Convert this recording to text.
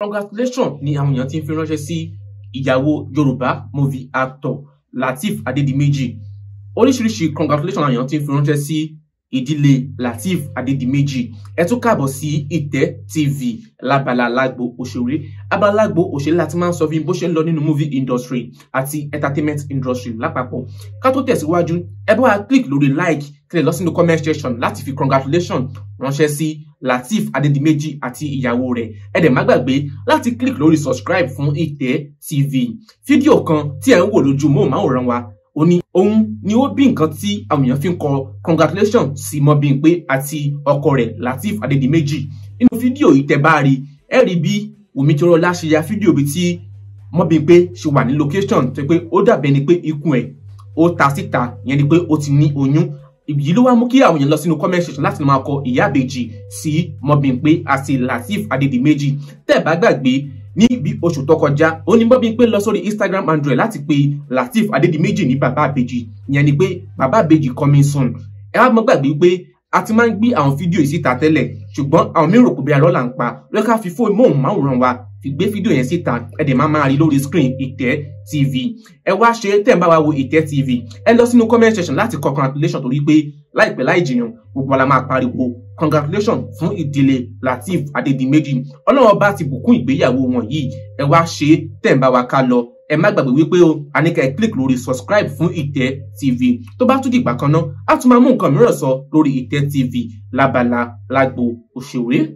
congratulation ni àwọn èèyàn ti fi ránṣẹ́ sí ìyàwó yorùbá movie actor lateef adédìméjì oríṣiríṣi congratulation àwọn èèyàn ti ń fi ránṣẹ́ sí ìdílé lateef adédìméjì ẹ tún káàbọ̀ sí ìtẹ́ tv lábala lágbo òṣèré abalágbo òṣèré láti máa ń sọ fún bó ṣe ń lọ nínú movie industry àti entertainment industry lápapọ̀ ká tó tẹ̀síwájú ẹ bá wa click lórí like kílẹ̀ lọ sínú comment section láti fi congratulation ránṣẹ́ sí Latif Adédìméjì àti ìyàwó rẹ̀ ẹ dẹ̀ má gbàgbé láti click lórí subscribe fún Ite TV fídíò kan tí ẹ ń wò lójú móhùnmáwòrán wa ó ní òun ni ó bí nǹkan tí àwọn èèyàn fi ń kọ congratulations sí mọ Bímpé àti ọkọ rẹ̀ Lateef Adédìméjì nínú fídíò ìtẹ̀báàrí ẹ rí bí Wùmí Toríọlá ṣe ya fídíò bíi tí mọ Bímpé ṣe wà ní location tó pé ó dàbẹ̀ ni pé ikùn ẹ̀ ó ta síta ìyẹn ni pé ó ti ní oyún yìí ló wá mú kí àwọn èèyàn lọ sínú comment section láti máa kọ ìyá àbèjì sí Mọ́bìnpé àti Lateef Adédìméjì tẹ́ ẹ̀ bá gbàgbé ní bí oṣù tó kọjá ó ní Mọ́bìnpé lọ sórí Instagram android láti pe Lateef Adédìméjì ní bàbá àbèjì ìyẹn ni pé bàbá àbèjì coming soon ẹ wá mọ́ gbàgbé pé a ti máa ń gbé àwọn fídíò yìí síta tẹ́lẹ̀ ṣùgbọ́n àwọn mí rò pé bí arọ́ là ń pa lọ́ọ́ fi fóònù mọ́ òun máwòrán wa ìgbé fídíò yẹn síta ẹ dẹ̀ máa máa rí lórí screen ìtẹ́ tv ẹ wá ṣe tẹ̀ ń bá wa wo ìtẹ́ tv ẹ lọ sínú comment section láti kọ congratulation torí pé láìpẹ́ láì jìyàn gbogbo wa la máa pariwo congratulation fún ìdílé lateef adédìméjì ọlọ́run ọba ti bùkún ìgbéyàwó wọn yìí ẹ wá ṣe tẹ̀ ń bá wa ká lọ ẹ má gbàgbé wípé o àníkà ẹ click lórí subscribe fún ìtẹ́ tv tó bá tún dìgbà kan náà á tún máa mú nǹkan mìíràn sọ lórí ìtẹ́ tv lábala lágbo òṣèré.